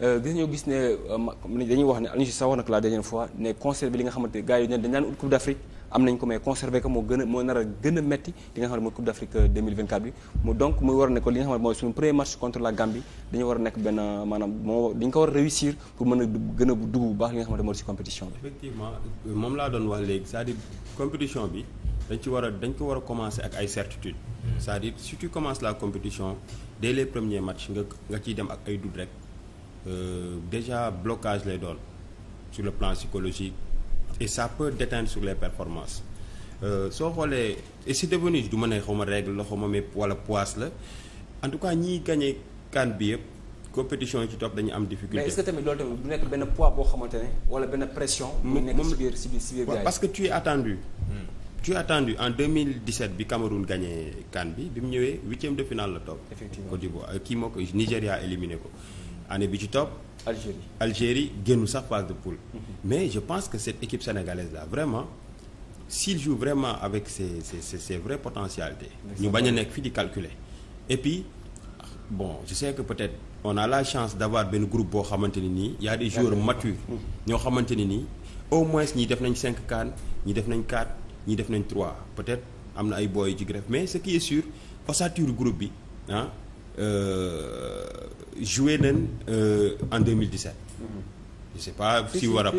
dinañoo euh, gis ne euh, dañuy wax ne Aliou Cissé sax wax na ko la dernière fois ne conserver li nga xamante gars yi dañ naan ut Coupe d'Afrique am nañ ko mais conserver ko moo gën a moo nar a gën a metti li nga xam ne mooy d'Afrique euh, bi donc mu war a ne li nga xam mooy suñu premier match contre la Gambie dañu war a nekk benn maanaam moo dañ ko war a réussir pour mën a gën a dugg bu baax li nga xamante moo ci compétition bi effectivement moom laa doon bi dañ ci war a dañ ko war a commencer ak ay certitude hmm. c'est-à-dire la compétition dès les premiers matchs nga nga ciy dem ak ay doute Euh, déjà blocage lay doon sur le plan psychologique et ça peut déteindre sur les performances euh, soo xoolee et c'est devenu du ma ne xaw ma règle la xaw ma mais wala poisse la en tout cas ñiy gagné kan bi yëpp compétition yi ci topp dañu am difficulté. du nekk benn poids boo xamante ne wala benn pression. mu nekk ci biir parce que tu es attendu. Hmm. tu es attendu en 2017 bi Cameroun gagné kan bi bi mu ñëwee huitième de finale la topp. effectivement Côte d'Ivoire euh, kii moo ko Nigéria éliminé ko. année bi ci topp. Algérie Algérie génnu sax phase de poule. Mhm. mais je pense que cette équipe sénégalaise là vraiment s'il joue vraiment avec ses ses ses, ses vraies ñu bañ a nekk fii di calculer. et puis bon je sais que peut-être on a la chance d'avoir benn groupe boo xamante ni nii y a des joueurs mhm. ñoo xamante ni nii au moins ñi def nañ cinq CAN ñi def nañ quatre ñi def nañ trois peut-être am na ay boy ci greffe mais ce qui est sûr ossature groupe bi ah. Euh, joué nañ euh, en 2017. je sais pas si war a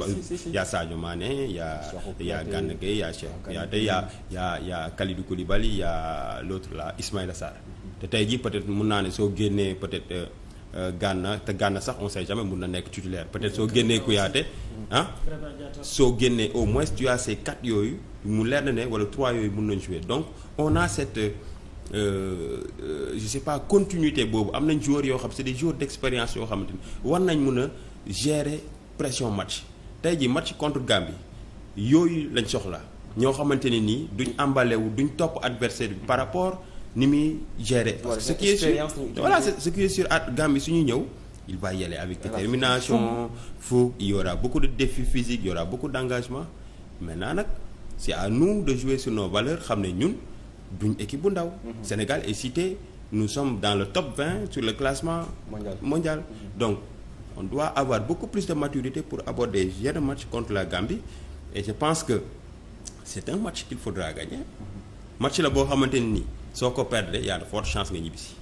y' a Sadio Mané y' a y' a Gana Gueye y' a Cheikh Kouyaté y' a y' a y' a Kalidou Koulibaly y' te tey jii peut-être mun naa ne soo génnee peut-être euh, Gana te Gana sax on sait jamais mun na nekk titulaire peut-être soo génnee Kouyaté ah soo génnee au moins tu as yooyu mu leer na ne wala trois yooyu mun nañ jouer donc on a cette. Euh, euh, je sais pas continuité boobu am nañ joueurs yoo xam c'est des joueurs d'expérience yoo xamantane war nañ mën a gérer pression match tey ji match contre Gambie yooyu lañ soxla ñoo xamante ne nii duñ àmbalewul wu duñ topp adversaire bi par rapport ni muy gere parce que ce qui est sûr voilà ce qui est sûr at Gambie su ñëw. il va y aller avec détermination fou il y aura beaucoup de défis physiques il y aura beaucoup d'engagement nag c'est à nous de jouer sur nos valeurs xam ne ñun. duñ équipe bu ndaw. Mhm. Sénégal est cité nous sommes dans le top 20 sur le classement. mondial mondial mhm. donc on doit avoir beaucoup plus de maturité pour aborder yenn match contre la Gambie et je pense que c' est un match qu'il faudra gagner mhm. match la boo xamante ni soo ko perdre y' a de fortes chances nga ñibbisi.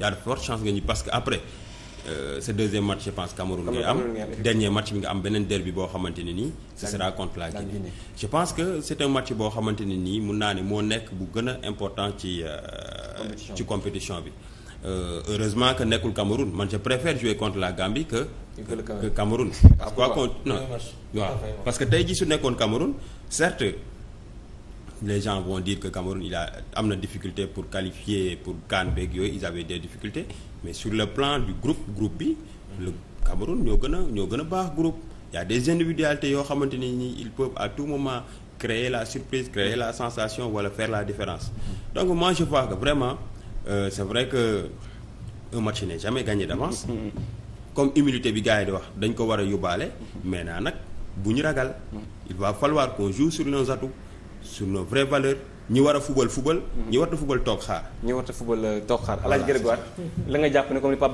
y' de fortes chances nga ñibbisi parce que après. Euh, sa deuxième match je pense Cameroun ngay am dernier match bi nga am beneen derby boo xamante ne nii ce sera contre je pense que c'est un match boo xamante ne nii mun naa ne moo nekk bu gën a important ci euh, ci compétition bi euh, heureusement que nekkul Cameroun man je préfère jouer contre la Gambie que que ah, parce que tey ji su nekkoon Cameroun certes les gens vont dire que Cameroun il a am na difficulté pour qualifier pour CAN beeg yooyu ils avaient des difficultés mais sur le plan du groupe groupe bi le Cameroun ñoo gën a ñoo gën a baax groupe y des individualités yoo xamante ni ni ils peuvent à tout moment créer la surprise créer la sensation wala faire la différence donc moi je vois que vraiment euh, c'est vrai que un match n'est jamais gagné d'avance comme humilité bi gars yi di wax dañ ko war a yóbbaale mais naa nag bu ñu ragal il va falloir qu'on sur nos atouts sur nos vraies valeurs ñi war a fubal fubal. ñi warta fubal toog xaar. ñi warta fubal toog xaar. alaaj gërëm waat la nga jàpp ne comme ni